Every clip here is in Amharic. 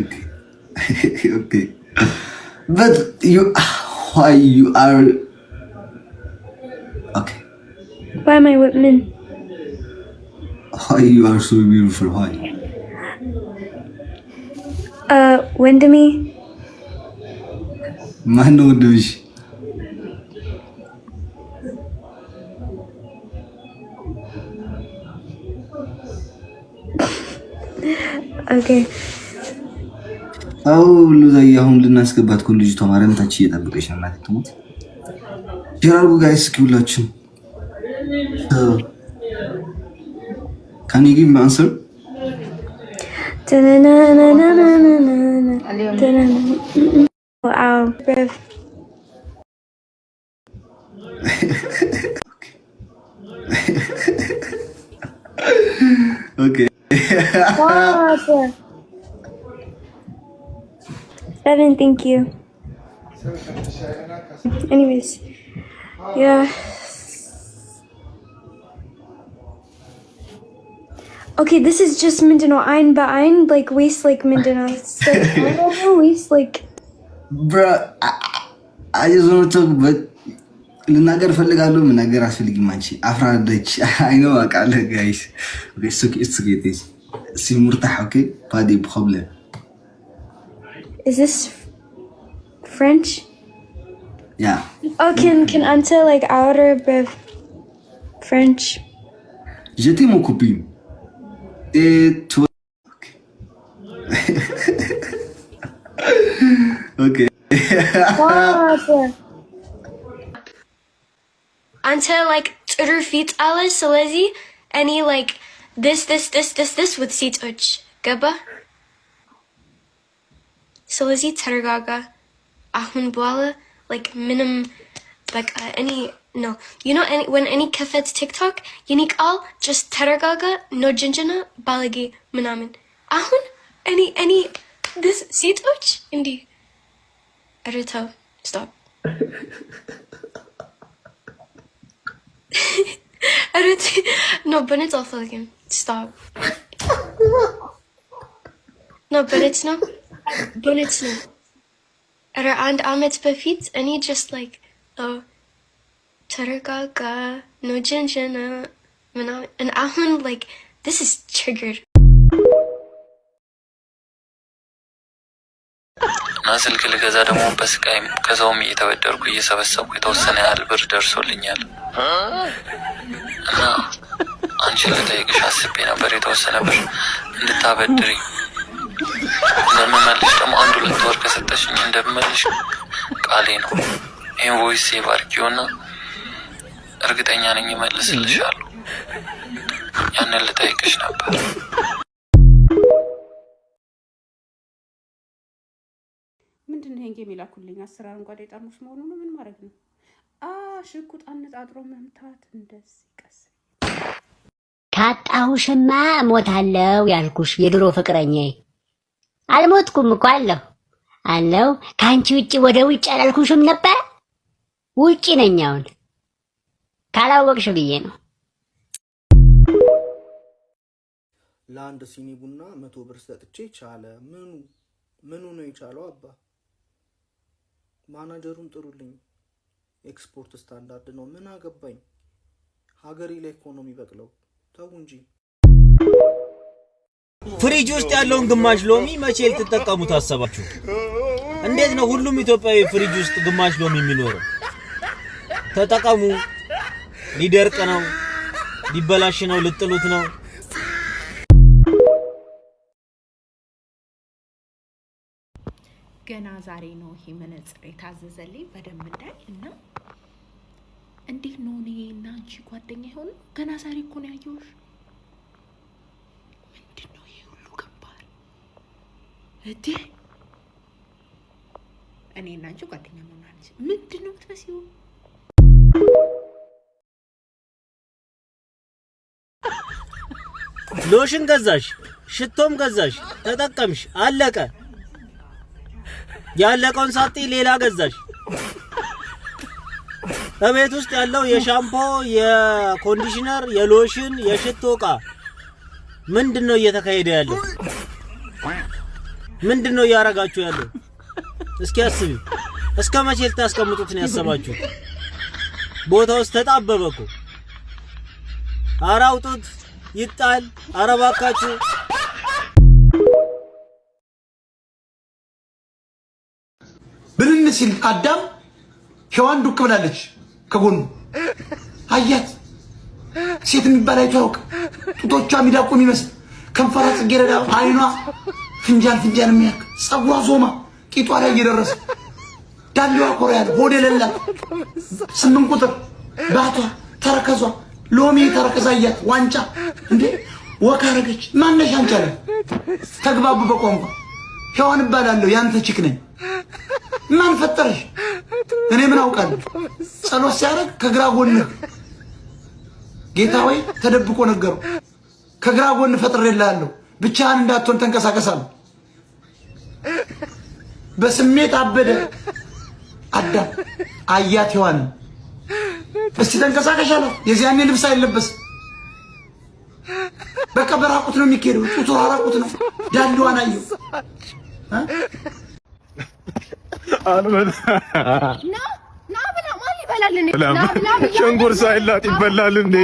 okay. But you, why you are? Okay. Why am I Whitman? Why you are so beautiful? Why? Uh, Windemy. Mano douche. okay. አው ሁሉ ዘይ አሁን ልናስገባት እኮ ልጅቷ ማርያም ታች እየጠበቀች ነው። እናቴ ትሞት ጀራሩ ጋይስ ሁላችን ካን ዩ ጊቭ ሚ አንሰር ኦኬ Bevin, thank you. Anyways, yeah. Okay, this is just Mindanao. Ein ba ein, like waste like Mindanao. It's like, I waste like. Bruh, I, I just want to talk, but ልናገር ፈልጋለሁ። መናገር አስፈልግም። አንቺ አፍራደች አይኖ አቃለ ጋይስ ኦኬ ሱክ ኢትስ ጌቴስ ሲሙርታሕ ኦኬ ባዲ ብኸብለ is this French? Yeah. Oh, can can Anta like order bit of French? J'étais mon copine. Et toi. Okay. okay. Anta like ጥሩ ፊት አለ። ስለዚህ Any like this this this this this with seat uch. ገባ? Silazit Teragaga, Ahunbwala, like minimum, like uh, any, no. You know any, when any kefet's TikTok, unique all, just Teragaga, no jinjana, balagi, minamin. Ahun, any, any, this, seat uch, indi. Arito, stop. Arito, no, but it's awful again. Stop. No, but it's not. በእውነት ነው። ኧረ አንድ አመት በፊት እኔ ጀስት ላይክ ተረጋጋ ነው ጀንጀና ምናምን አሁን ላይክ ኢዝ እና ስልክ ልገዛ ደግሞ በስቃይም ከሰውም እየተበደርኩ እየሰበሰብኩ የተወሰነ ያህል ብር ደርሶልኛል። እና አንቺን ልጠይቅሽ አስቤ ነበር የተወሰነ ብር እንድታበድሪ ለምን ደግሞ አንድ ሁለት ወር ከሰጠሽኝ እንደምልሽ ቃሌ ነው። ይህን ቮይስ ሴቭ አድርጊውና እርግጠኛ ነኝ እመልስልሻለሁ። ያንን ልጠይቅሽ ነበር። ምንድን ነው ይሄን የሚላኩልኝ? አስር አረንጓዴ ጠርሙስ መሆኑ ነው። ምን ማድረግ ነው? ሽጉጥ አነጣጥሮ መምታት እንደዚህ ቀስ ካጣሁሽማ እሞታለሁ ያልኩሽ የድሮ ፍቅረኛዬ አልሞትኩም እኮ አለሁ አለው። ከአንቺ ውጭ ወደ ውጭ አላልኩሽም ነበር? ውጭ ነኝ አሁን። ካላወቅሽ ብዬ ነው። ለአንድ ሲኒ ቡና መቶ ብር ሰጥቼ ቻለ። ምኑ ምኑ ነው የቻለው? አባ ማናጀሩን ጥሩልኝ። ኤክስፖርት ስታንዳርድ ነው ምን አገባኝ። ሀገሬ ላይ እኮ ነው የሚበቅለው። ተው እንጂ ፍሪጅ ውስጥ ያለውን ግማሽ ሎሚ መቼ ልትጠቀሙ ታሰባችሁ? እንዴት ነው ሁሉም ኢትዮጵያዊ ፍሪጅ ውስጥ ግማሽ ሎሚ የሚኖረው? ተጠቀሙ። ሊደርቅ ነው፣ ሊበላሽ ነው፣ ልጥሉት ነው። ገና ዛሬ ነው ይሄ መነጽር የታዘዘልኝ በደንብ እንዳይ እና እንዴት ነው እኔ እና አንቺ ጓደኛ የሆኑ ገና ዛሬ እኮ ነው ያየሁሽ። እዴ እኔ እና አንቺ ጓደኛ መሆናለች። ምንድን ነው የምትመስይው? ሎሽን ገዛሽ፣ ሽቶም ገዛሽ፣ ተጠቀምሽ፣ አለቀ። ያለቀውን ሳጢ ሌላ ገዛሽ። እቤት ውስጥ ያለው የሻምፖ የኮንዲሽነር፣ የሎሽን፣ የሽቶ እቃ ምንድን ነው እየተካሄደ ያለው? ምንድን ነው እያረጋችሁ ያለው? እስኪ አስቢ። እስከ መቼ ልታስቀምጡት ነው ያሰባችሁት? ቦታ ውስጥ ተጣበበ እኮ። ኧረ አውጡት፣ ይጣል። ኧረ እባካችሁ ብንን ሲል አዳም ሔዋን ዱቅ ብላለች ከጎኑ አያት። ሴት የሚባል አይቶ ያውቅ ጡቶቿ ሚዳቁ የሚመስል ከንፈሯ ጽጌረዳ አይኗ ፍንጃን ፍንጃን የሚያክ ጸጉሯ ዞማ ቂጧ ላይ እየደረሰ ዳሌዋ ኮራ ያለ ሆድ የሌላት ስምንት ቁጥር ባቷ ተረከዟ ሎሚ ተረከዛ እያት ዋንጫ እንዴ ወካ አረገች። ማነሽ አንቺ አለ ተግባቡ በቋንቋ ሔዋን እባላለሁ ያንተ ቺክ ነኝ። ማን ፈጠረሽ? እኔ ምን አውቃለሁ? ጸሎት ሲያደርግ ከግራ ጎንህ ጌታ ወይ ተደብቆ ነገሩ ከግራ ጎን ፈጥሬልሃለሁ ብቻህን እንዳትሆን ተንቀሳቀሳለሁ። በስሜት አበደ አዳም። አያት ሔዋን እስቲ ተንቀሳቀሽ አላት። የዚያኔ ልብስ አይለበስ በቃ በራቁት ነው የሚካሄደው። ጡቱ ራቁት ነው። ዳሌዋን አየው ሸንጉር ሳይላት ይበላል እንዴ?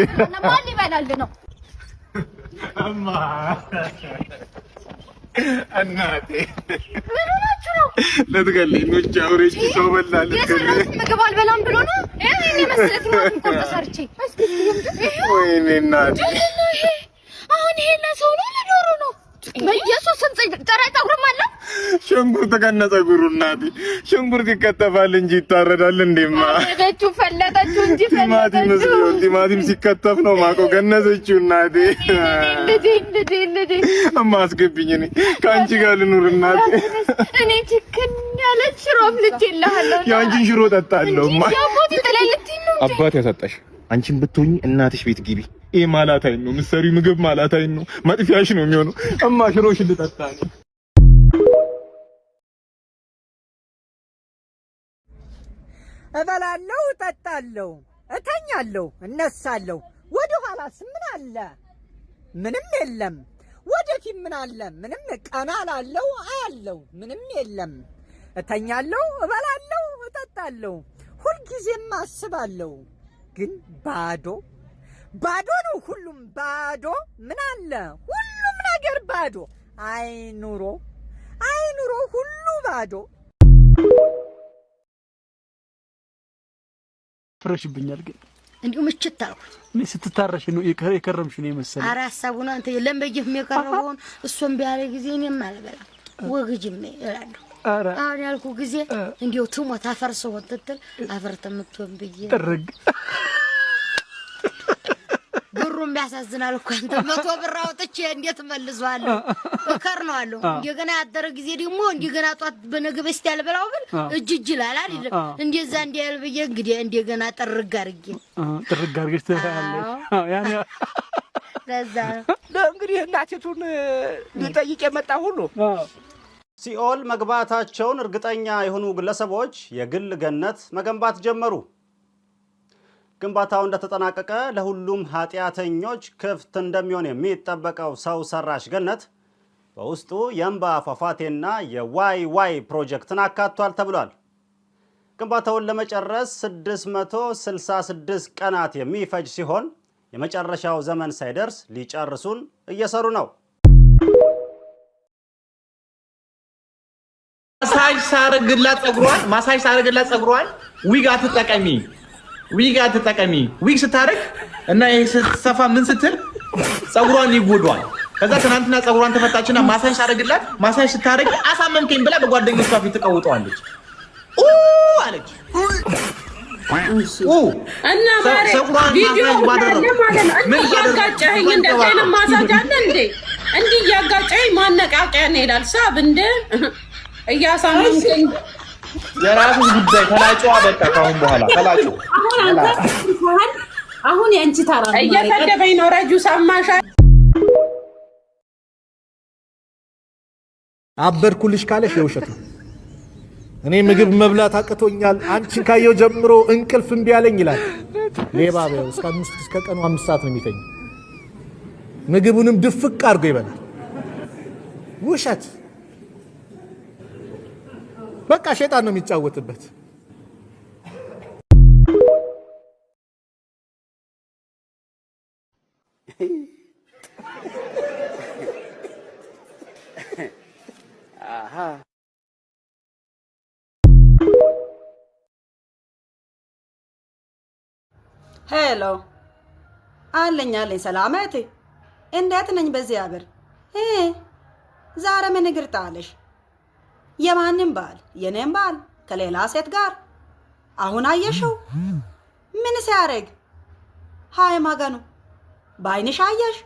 እናቴ ምን ሆናችሁ ነው? ልትገለኝ ነው? እጅ አውሬ እጅ ሰው በላ ልትገለኝ ምግብ አልበላም ብሎ ነው። እኔ መሰለኝ ምናምን ቆርጠህ ወይኔ እናቴ አሁን ይሄን ሰው ነው በኢየሱስ ስም ጥሬ ጠጉርም አለ። ሽንኩርት ከነ ጸጉሩ እናቴ፣ ሽንኩርት ይከተፋል እንጂ ይታረዳል እንዴማ? ፈለጠችው ፈለጠችው እንጂ ቲማቲም ነው። ቲማቲም ሲከተፍ ነው ማቆ ገነዘችው እናቴ። እንዴ እማ አስገብኝ፣ እኔ ከአንቺ ጋር ልኑር እናቴ። እኔ ችክን ያለ ሽሮም ልጅ ይላል። ያንቺን ሽሮ ጠጣለሁ አባት ያሳጣሽ አንቺን ብትሆኚ እናትሽ ቤት ግቢ። ይሄ ማላታይን ነው ምሰሪ ምግብ ማላታይን ነው ማጥፊያሽ ነው የሚሆነው። እማ ሽሮሽ ልጠጣ ነው። እበላለሁ፣ እጠጣለሁ፣ እተኛለሁ፣ እነሳለሁ። ወደ ኋላስ ምን አለ? ምንም የለም። ወደፊት ምን አለ? ምንም ቀና ላለው አያለው ምንም የለም። እተኛለሁ፣ እበላለሁ፣ እጠጣለሁ፣ ሁልጊዜም አስባለሁ። ግን ባዶ ባዶ ነው። ሁሉም ባዶ ምን አለ ሁሉም ነገር ባዶ። አይ ኑሮ አይ ኑሮ ሁሉ ባዶ። ፍረሽብኛል ግን እንዲሁ ምችት አልኩኝ። እኔ ስትታረሽ ነው የከረምሽ ነው የመሰለኝ። ኧረ ሀሳቡን አንተ የለም በየፍም የቀረበውን እሱም ቢያለ ጊዜ እኔም አልበላም ወግጅም እላለሁ አሁን ያልኩ ጊዜ እንዲሁ ትሞት አፈር ስሆን ትትል አፈር ትምትሆን ብዬ ጥርግ ብሩም ያሳዝናል እኮ አንተ መቶ ብር አውጥቼ እንዴት እመልሰዋለሁ? አለሁ። እንደገና ያደረ ጊዜ ደግሞ እንደገና ጧት በነገ በስቲያ ልበላው ብል እጅ እጅ ላል አይደለም? እንደዛ እንዲያል ብዬ እንግዲህ እንደገና ጥርግ አድርጌ ጥርግ አድርጌ ትላለች። ያን ለዛ ነው እንግዲህ እናቴቱን ልጠይቅ የመጣ ሁሉ ሲኦል መግባታቸውን እርግጠኛ የሆኑ ግለሰቦች የግል ገነት መገንባት ጀመሩ። ግንባታው እንደተጠናቀቀ ለሁሉም ኃጢአተኞች ክፍት እንደሚሆን የሚጠበቀው ሰው ሰራሽ ገነት በውስጡ የእንባ ፏፏቴና የዋይ ዋይ ፕሮጀክትን አካቷል ተብሏል። ግንባታውን ለመጨረስ 666 ቀናት የሚፈጅ ሲሆን የመጨረሻው ዘመን ሳይደርስ ሊጨርሱን እየሰሩ ነው። ማሳጅ ሳረግላት ጸጉሯን ማሳጅ ሳረግላት ጸጉሯን ዊግ አትጠቀሚ ዊግ አትጠቀሚ ዊግ ስታረግ እና ይሄ ስትሰፋ ምን ስትል ጸጉሯን ይጎዷል። ከዛ ትናንትና ጸጉሯን ተፈታችና ማሳጅ ሳረግላት ማሳጅ ስታረግ አሳመምከኝ ብላ በጓደኞቿ ፊት ትቀውጠዋለች አለች። እና ቪዲዮ እያጋጨኸኝ እንደዚህ አይነት ማሳጅ አለ እንዴ? እንዲህ እያጋጨኸኝ ማነቃቂያ ነው ይላል ሳብ እንደ እያሳመምከኝ ጉዳይ ተላጮ በቃ ካሁን በኋላ ተላጮ። አሁን የአንቺ እየሰደበኝ ነው። ረጁ ሰማሻ? አበድኩልሽ ካለሽ የውሸት ነው። እኔ ምግብ መብላት አቅቶኛል አንቺን ካየው ጀምሮ እንቅልፍ እምቢ አለኝ ይላል። ሌባ በው እስከ አምስት እስከ ቀኑ አምስት ሰዓት ነው የሚተኝ። ምግቡንም ድፍቅ አድርጎ ይበላል። ውሸት በቃ ሸጣን ነው የሚጫወትበት። ሄሎ አለኝ አለኝ ሰላመቴ፣ እንዴት ነኝ? በዚህ አብር ዛሬ ምን እግር ጣለሽ? የማንም ባል? የኔም ባል ከሌላ ሴት ጋር። አሁን አየሽው? ምን ሲያደርግ? ሀይ ማገኑ በአይንሽ አየሽ?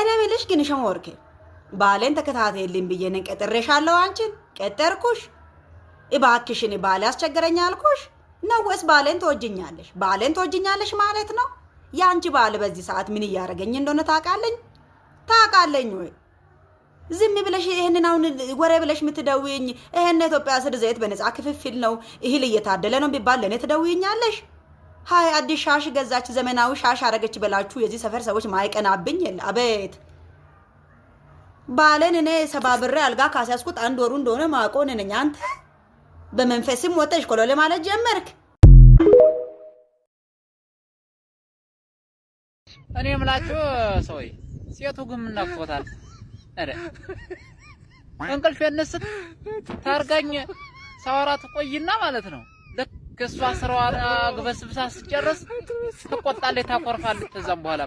እኔ ብልሽ ግን ሽም ወርኬ ባሌን ተከታተይልኝ ብዬን ነኝ ቀጥሬሻለሁ። አንቺን ቀጠርኩሽ። እባክሽን ባሌ አስቸገረኝ አልኩሽ ነው ወይስ ባሌን ትወጅኛለሽ? ባሌን ትወጅኛለሽ ማለት ነው። የአንቺ ባል በዚህ ሰዓት ምን እያደረገኝ እንደሆነ ታውቃለኝ ታውቃለኝ ወይ? ዝም ብለሽ ይህንን አሁን ወሬ ብለሽ የምትደውይኝ ይህን ኢትዮጵያ ስር ዘይት በነፃ ክፍፍል ነው እህል እየታደለ ነው ቢባል ለእኔ ትደውይኛለሽ? ሀይ አዲስ ሻሽ ገዛች፣ ዘመናዊ ሻሽ አረገች ብላችሁ የዚህ ሰፈር ሰዎች ማይቀናብኝ የለ። አቤት ባለን እኔ ሰባብሬ አልጋ ካስያዝኩት አንድ ወሩ እንደሆነ ማቆን ነኝ። አንተ በመንፈስም ወጠሽ ኮሎሌ ማለት ጀመርክ። እኔ የምላችሁ ሰውዬ ሴቱ ግን ምን እንቅልፍ ያነስት ታርጋኝ ሳወራ ትቆይና ማለት ነው። ልክ እሷ ስራዋ አግበስብሳ ስጨርስ ትቆጣለች፣ ታኮርፋለች። ተዛም በኋላ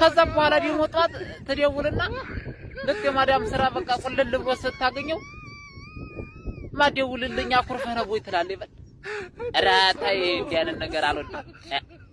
ከዛም በኋላ ደግሞ ጠዋት ትደውልና ልክ የማዳም ስራ በቃ ቁልል ብሎ ስታገኘው ማደውልልኝ አኩርፈህ ነው ወይ ትላለች። ይበል ኧረ ተይ እንዲህ ነገር አልወድም።